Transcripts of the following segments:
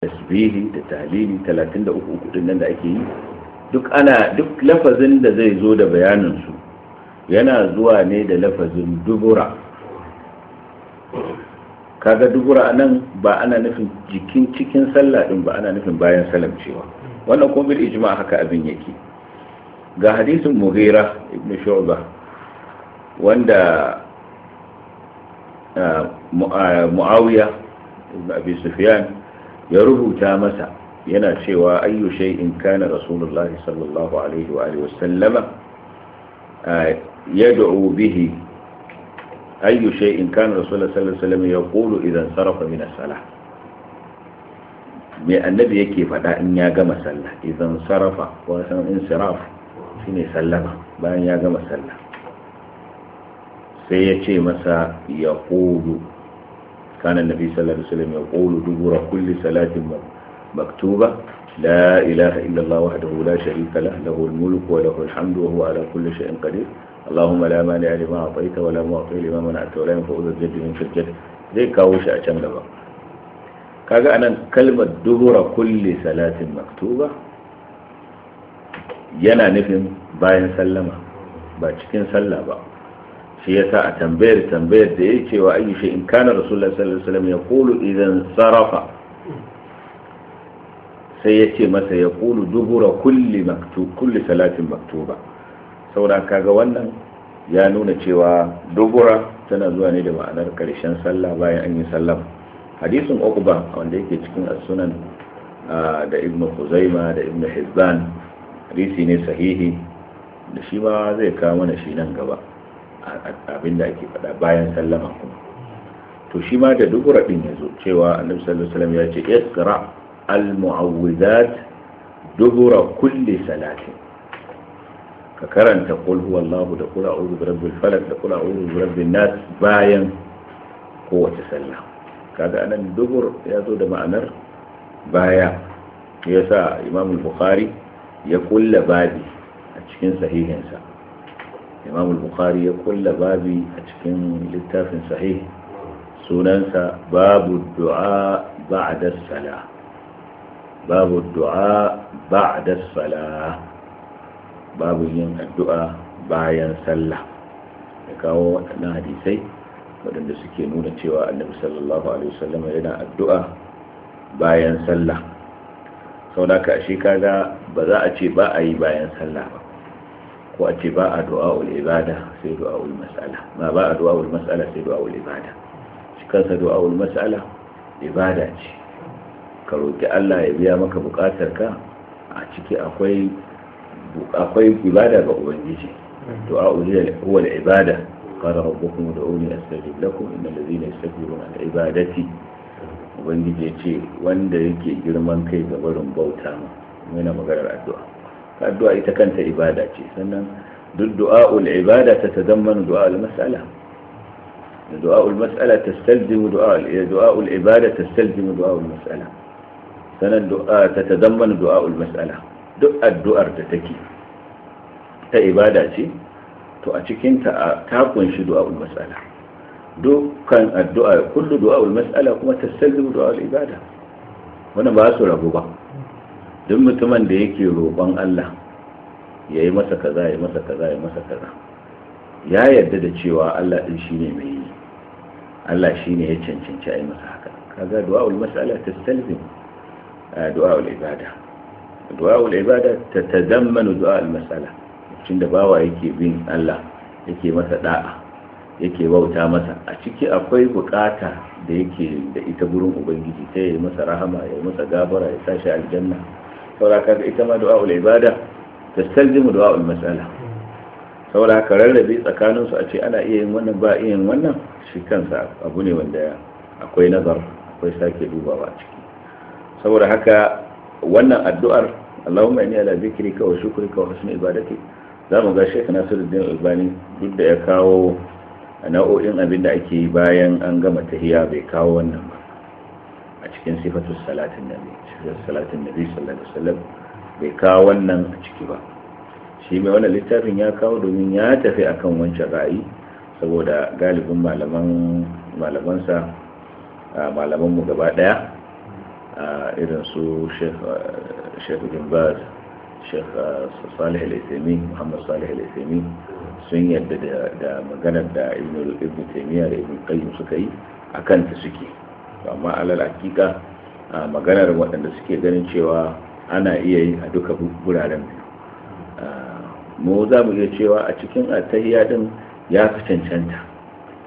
tasbihi da tahlili 33 kudin nan da ake yi duk ana duk lafazin da zai zo da bayanin su yana zuwa ne da lafazin dubura kaga dubura nan ba ana nufin jikin cikin sallah din ba ana nufin bayan salam cewa. wannan kuma bil ijma haka abin yake ga hadisin mughira ibn shu'ba wanda ah, ah, muawiya ibn abi sufyan ya rubuta masa yana cewa ayyu shay'in kana rasulullah sallallahu alaihi wa alihi wasallama yad'u bihi ayyu shay'in kana rasulullah sallallahu alaihi wasallam yaqulu idan sarafa min as-salah me annabi yake fada in ya gama sallah idan sarafa wa san insiraf shine sallama bayan ya gama sallah sai ya ce masa yaqulu كان النبي صلى الله عليه وسلم يقول دبر كل صلاة مكتوبة لا إله إلا الله وحده لا شريك له له الملك وله الحمد وهو على كل شيء قدير اللهم لا مانع لما أعطيت ولا معطي لما منعت ولا ينفع ذا الجد من الجد zai kawo shi a can gaba kaga anan kalmar dubura kulli salatin maktuba yana nufin bayan sallama ba cikin sallah ba shi sa a tambayar tambayar da ya cewa ayi shi in kana rasulullah sallallahu alaihi wasallam kulu idan sarafa sai ya ce masa ya kulu dubura kulli maktub kulli salatin maktuba saboda kaga wannan ya nuna cewa dubura tana zuwa ne da ma'anar karshen sallah bayan an yi sallah hadisin uqba wanda yake cikin as-sunan da ibn khuzaima da ibn hibban hadisi ne sahihi da shi ba zai kawo mana shi nan gaba abin da ake faɗa bayan sallama kuma to shi ma da dubura din ya zo cewa annabi sallallahu alaihi wasallam ya ce isra al mu'awwidat dubura kulli salatin ka karanta qul huwallahu da qul a'udhu birabbil falaq da qul a'udhu birabbin nas bayan kowace sallah kaga anan dubur ya zo da ma'anar baya yasa imam al-bukhari ya kulla babi a cikin sahihinsa imam al-bukhari ya kulla babi a cikin littafin sahih sunansa babu du'a ba'da salah babu du'a ba'da salah babu yin addu'a bayan sallah ya kawo waɗannan hadisai waɗanda suke nuna cewa annabi sallallahu alaihi wasallam yana addu'a bayan sallah sau ka ashe kaga ba za a ce ba a yi bayan sallah ba ko a ce ba a ibada sai du'a'ul mas'ala Ma ba a du'a'ul mas'ala sai du'a'ul ibada shi kansa du'a'ul mas'ala ibada ce ka roki Allah ya biya maka bukatar ka a ciki akwai akwai ibada ga ubangiji du'a'ul huwa al-ibada qala rabbukum ud'uni astajib lakum innal ladhina yastakbiruna an ibadati ubangiji ya ce wanda yake girman kai ga barin bauta mu na maganar addu'a addu'a ita kanta ibada ce sannan duk du'a'ul ibada ta ta tazammanu du'a'ul mas'ala du'a'ul mas'ala tastalzimu du'a'ul eh, du'a'ul ibada tastalzimu du'a'ul mas'ala sannan du'a ta ta tazammanu du'a'ul mas'ala duk addu'ar da take ta ibada ce to a cikinta ta kunshi du'a'ul mas'ala dukkan addu'a kullu du'a'ul mas'ala kuma ta tastalzimu du'a'ul ibada wannan ba su rabu ba duk mutumin da yake roƙon Allah ya yi masa kaza ya masa kaza ya masa kaza ya yarda da cewa Allah ɗin shi ne mai yi Allah shi ne ya cancanci a yi masa haka kaga du'a ul mas'ala tastalzim du'a ul ibada du'a ul ibada ta tatadammanu du'a al mas'ala tun da bawa yake bin Allah yake masa da'a yake bauta masa a ciki akwai bukata da yake da ita gurin ubangiji ta yi masa rahama ya yi masa gafara ya sashi aljanna saboda kaga ita ma du'a ul ibada tastalzimu du'a ul mas'ala saboda haka rarrabe tsakanin su a ce ana iya yin wannan ba iya yin wannan shi kansa abu ne wanda akwai nazar akwai sake dubawa ciki saboda haka wannan addu'ar Allahumma inni ala zikrika wa shukrika wa husni ibadati za mu ga Sheikh Nasiruddin Albani duk da ya kawo nau'o'in abin da ake bayan an gama tahiya bai kawo wannan ba a cikin sifatun salatin nabi Cikin salatin nabi sallallahu alaihi wasallam bai kawo wannan a ciki ba shi mai wannan littafin ya kawo domin ya tafi akan wancan ra'ayi saboda galibin malaman malamansa malaman mu gaba daya irin su Sheikh Ibn Baz Sheikh Salih Al-Uthaymeen Muhammad Salih Al-Uthaymeen sun yadda da maganar da Ibn Taymiyyah da Ibn Qayyim suka yi akan ta suke amma alal hakika a maganar waɗanda suke ganin cewa ana iya yi a duka wuraren biyu mu za mu iya cewa a cikin tahiya din ya fi cancanta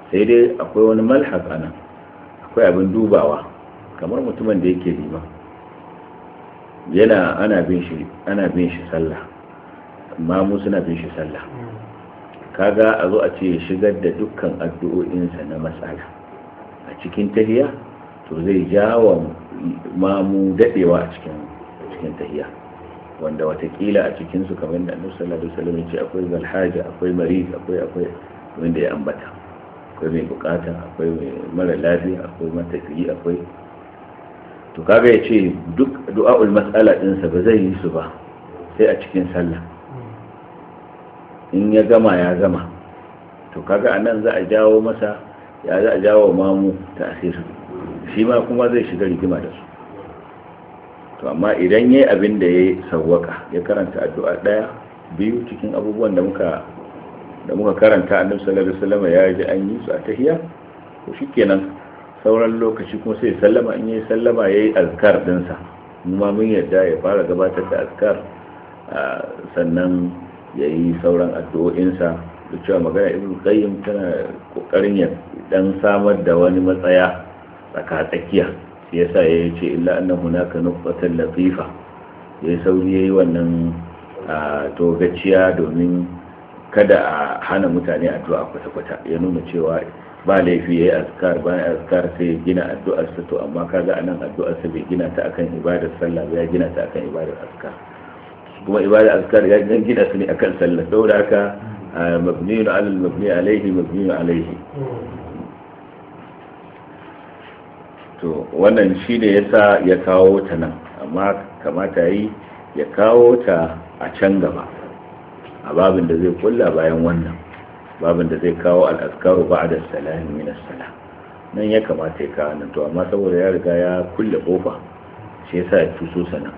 sai dai akwai wani a nan akwai abin dubawa kamar mutumin da yake liman yana ana bin shi ana bin shi sallah amma mu suna bin shi sallah kaga a zo a ce shigar da dukkan addu'o'insa na matsala a cikin tahiya to zai jawa mamu dadewa a cikin cikin tahiya wanda watakila a cikin su kamar da annabi sallallahu alaihi wasallam ya ce akwai zalhaja akwai marid akwai akwai wanda ya ambata akwai mai bukata akwai mara lafiya akwai matafiyi akwai to kaga ya ce duk du'a'ul mas'ala sa ba zai yi su ba sai a cikin sallah in ya gama ya gama to kaga anan za a jawo masa ya za a jawo mamu ta asiru shi ma kuma zai shiga rigima da su to amma idan yayi abin da yayi sawwaka ya karanta addu'a daya biyu cikin abubuwan da muka da muka karanta annabi sallallahu alaihi wasallam ya ji an yi su a tahiyya to shikenan sauran lokaci kuma sai sallama in yayi sallama yayi azkar dinsa kuma mun yadda ya fara gabatar da azkar sannan yayi sauran addu'o'insa da cewa magana ibnu qayyim tana kokarin ya dan samar da wani matsaya tsaka tsakiya shi yasa ya ce illa huna ka nufatar latifa yi sauri ya yi wannan togaciya domin kada a hana mutane addu'a kwata-kwata ya nuna cewa ba laifi ya yayi azkar ya azkar sai gina addu'ar sa to amma a anan addu'ar sa bai gina ta akan ibadar sallah ba ya gina ta akan ibadar azkar kuma ibadar azkar ya gina su ne akan sallah saboda haka mabniyun alal mabni alaihi mabniyun alaihi to wannan shi ne ya sa ya kawo ta nan amma kamata yi ya kawo ta a can gaba a babin da zai kulla bayan wannan babin da zai kawo al'askaru ba da salami min salam nan ya kamata ya kawo nan to amma saboda ya riga ya kulle kofa shi yasa ya tuso sanan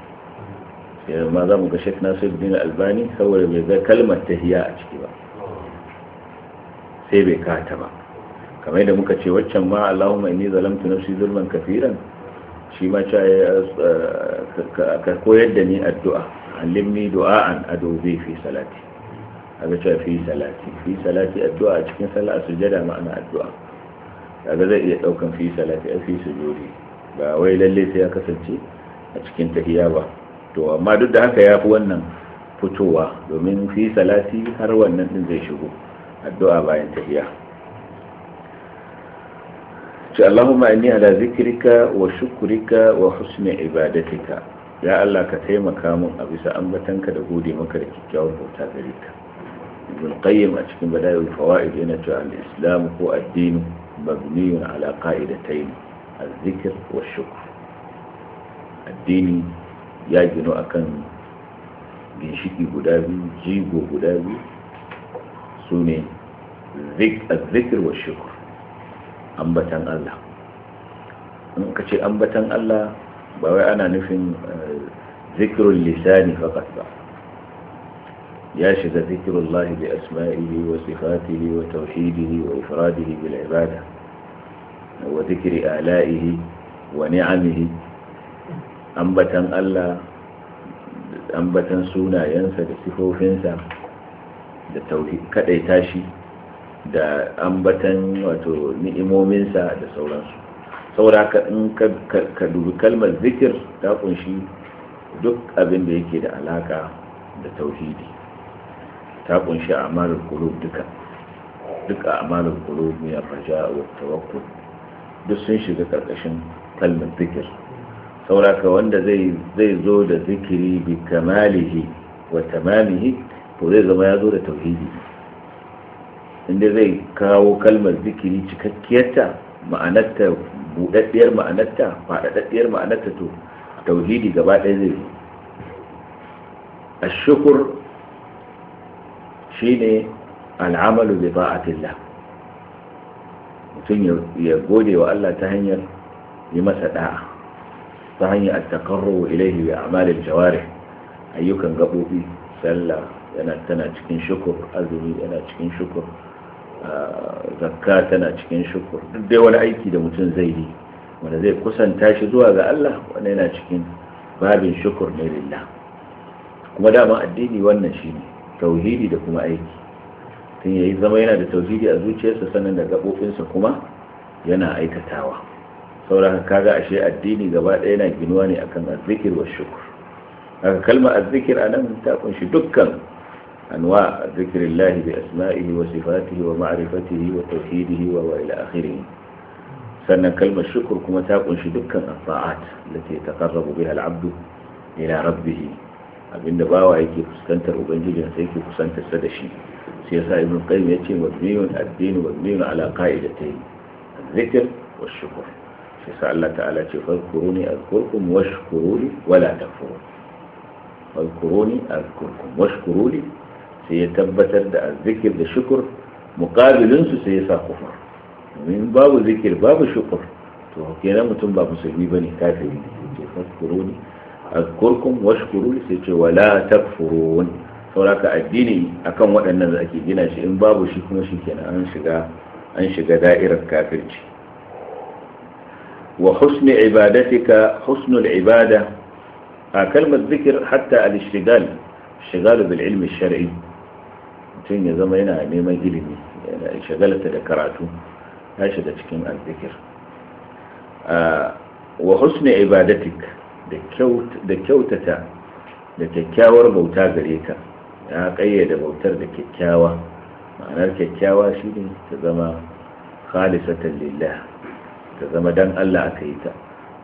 sai ma za mu ga Sheikh Nasiruddin Albani saboda bai ga kalmar tahiya a ciki ba sai bai kata ba kamar da muka ce waccan ma Allahumma inni zalamtu nafsi zulman kafiran shi ma ta ka koyar da ni addu'a allimni du'a'an adobe fi salati aga cewa fi salati fi salati addu'a a cikin sallah sujada ma'ana addu'a aga zai iya daukan fi salati a fi sujudi ba wai lalle sai ya kasance a cikin tahiyya ba to amma duk da haka yafi wannan fitowa domin fi salati har wannan din zai shigo addu'a bayan tahiyya ce Allahumma inni ala zikrika wa shukrika wa husni ibadatika ya Allah ka taimaka mun a bisa ambatanka da gode maka da kyakkyawar bauta gare ka ibn qayyim a cikin bada'il fawaid yana cewa al-islam ko addini mabniyun ala qa'idatayn az-zikr wa shukr addini ya gino akan ginshiki guda biyu jigo guda biyu sune az-zikr wa shukr ambatan Allah in ka ce ambatan Allah ba wai ana nufin eh, zikirun lisani fakat ba ya shiga zikirun lahi bi asma'ihi wa sifatihi wa tauhidihi wa ifradihi bil ibada wa zikiri ala'ihi wa ni'amihi ambatan Allah ambatan sunayensa da sifofinsa da tauhid kadai tashi. da ambatan wato ni'imominsa da sauransu saboda ka in ka dubi kalmar zikir ta kunshi duk abin da yake da alaka da tauhidi ta kunshi amalar kulub duka duk amalar kulub min raja wa tawakkul duk sun shiga karkashin kalmar zikir saboda ka wanda zai zai zo da zikiri bi kamalihi wa tamamihi to zai zama ya zo da tauhidi inda zai kawo kalmar zikiri cikakkiyarta ma'anarta buɗaɗɗiyar ma'anarta faɗaɗɗiyar ma'anarta to tauhidi gaba ɗaya zai zo a shukur shi ne al'amalu bi ba'atillah mutum ya gode wa Allah ta hanyar yi masa da'a ta hanyar at ilaihi ilayhi bi a'malil jawarih ayyukan gabobi sallah yana tana cikin shukur azumi yana cikin shukur zakka tana cikin shukur duk dai wani aiki da mutum zai yi wanda zai kusanta shi zuwa ga Allah wanda yana cikin babin shukur ne lillah kuma dama addini wannan shi ne. tauhidi da kuma aiki tun yayi zama yana da tauhidi a zuciyarsa sannan da gabobinsa kuma yana aikatawa saboda kaga ashe addini gaba ɗaya yana ginuwa ne akan azzikir wa shukur haka kalma azzikir nan ta kunshi dukkan أنواع ذكر الله بأسمائه وصفاته ومعرفته وتوحيده وإلى آخره سنة كلمة شكر كما تكون شدكا الطاعات التي يتقرب بها العبد إلى ربه abinda bawa yake fuskantar ubangijin sai yake fuskantar sa da shi sai yasa ibn qayyim yace mabniyun ad-din mabniyun ala qa'idatayn dhikr wa shukr sai sa Allah ta'ala ce fadhkuruni adhkurkum washkuruni wala takfurun fadhkuruni adhkurkum washkuruni سيتبتر دا الذكر دا شكر مقابل انسو سيسا كفر من باب ذكر باب شكر تو كينا متن باب مسلمي بني كافر اذكروني اذكركم واشكروني سيتش ولا تكفرون سوراك الدين اكم ودن نزاكي دينا شيء ان باب شكر شكينا انشغا انشغا دائرة كافر وحسن عبادتك حسن العبادة آه، كلمة ذكر حتى الاشتغال الشغال بالعلم الشرعي mutum ya zama yana neman ilimi yana shagalata da karatu ya shiga cikin azzikir wa husni ibadatik da kyautata da kyakkyawar bauta gare ka ya kayyade bautar da kyakkyawa ma'anar kyakkyawa shi ne ta zama khalisatan lillah ta zama dan Allah aka yi ta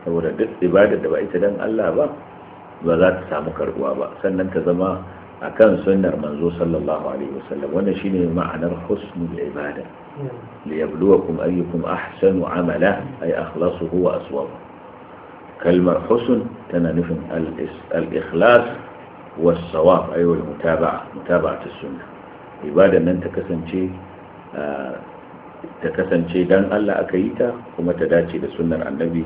saboda duk ibada da ba ita dan Allah ba ba za ta samu karbuwa ba sannan ta zama akan sunnar manzo sallallahu alaihi wasallam wannan shine ma'anar husnul ibada liyabluwakum ayyukum ahsanu amala ay akhlasuhu wa aswabu kalmar husn tana nufin al-ikhlas was sawab ay wal mutaba'a mutaba'atu sunna ibadan nan ta kasance ah, ta kasance dan Allah aka yi ta kuma ta dace da sunnar annabi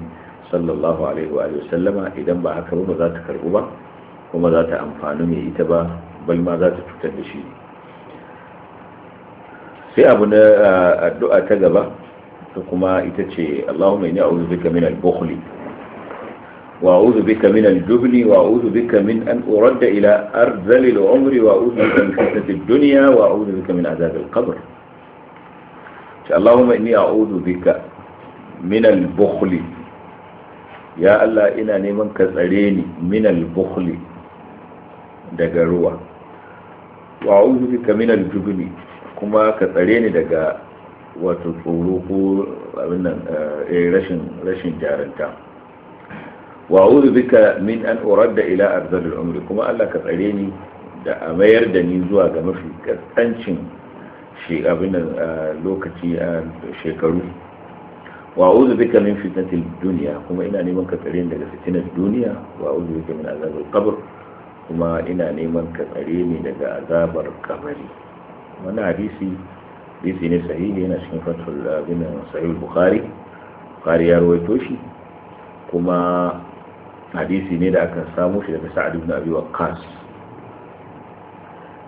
sallallahu alaihi wa sallama idan ba haka ba za ta karbu ba kuma za ta amfani mai ita ba bal ma za ta cutar da shi sai abu na addu'a ta gaba ta kuma ita ce Allahumma inni a'udhu bika min al bukhl wa a'udhu bika min al jubn wa a'udhu bika min an urda ila arzali al-umri wa a'udhu bika min fitnati ad-dunya wa a'udhu bika min adhab al-qabr ta Allahumma inni a'udhu bika min al bukhl ya Allah ina neman ka tsare ni min al bukhl daga ruwa wa a'udhu bika min al-jubni kuma ka tsare ni daga wato tsoro ko abin nan eh, eh, rashin rashin jaranta wa a'udhu bika min an uradda ila arzal al-umri kuma Allah ka tsare ni da a mayar da ni zuwa ga mafi kaskancin shi abin nan eh, lokaci a shekaru wa a'udhu bika min fitnatil dunya kuma ina neman ka tsare ni daga fitnar duniya wa a'udhu bika min azabil qabr kuma ina neman ka tsare ni daga azabar kabari wannan hadisi hadisi ne sahihi yana cikin fatul bin sahih bukhari bukhari ya rawaito shi kuma hadisi ne da aka samu shi daga sa'ad ibn abi waqqas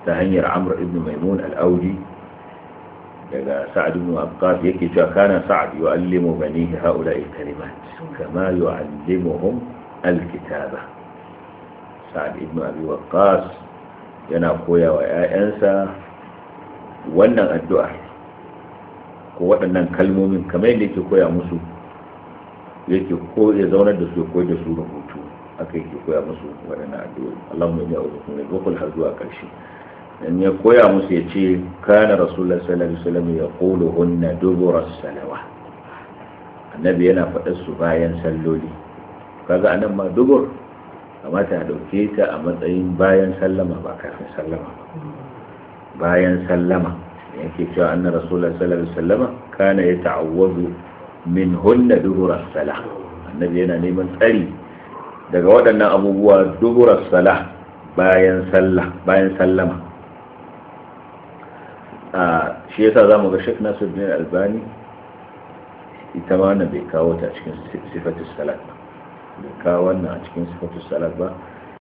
ta hanyar amr ibn maimun al-audi daga sa'ad ibn waqqas yake cewa kana sa'ad yu'allimu banihi ha'ula'i kalimat kama yu'allimuhum al kitabah sa'ad ibn abi waqqas yana koya wa ƴaƴansa wannan addu'a ko waɗannan kalmomin kamar yadda yake koya musu yake ko ya zaunar da su ko da su rubutu aka yake koya musu waɗannan addu’a Allahumma mu yi bika min al har zuwa ƙarshe dan ya koya musu ya ce kana rasulullah sallallahu alaihi wasallam ya qulu hunna dubura salawa annabi yana faɗa su bayan salloli kaga anan ma dubur kamata a ɗauke ta a matsayin bayan sallama ba kafin sallama bayan sallama yake cewa anna rasulullah sallallahu alaihi wasallama kana ya ta'awwadu min hunna duhura salah annabi yana neman tsari daga waɗannan abubuwa duhura Sala bayan sallah bayan sallama a shi yasa zamu ga Sheikh Nasiruddin Albani ita ma bai kawo ta cikin sifatus salat ba da kawo wannan a cikin sifatu salat ba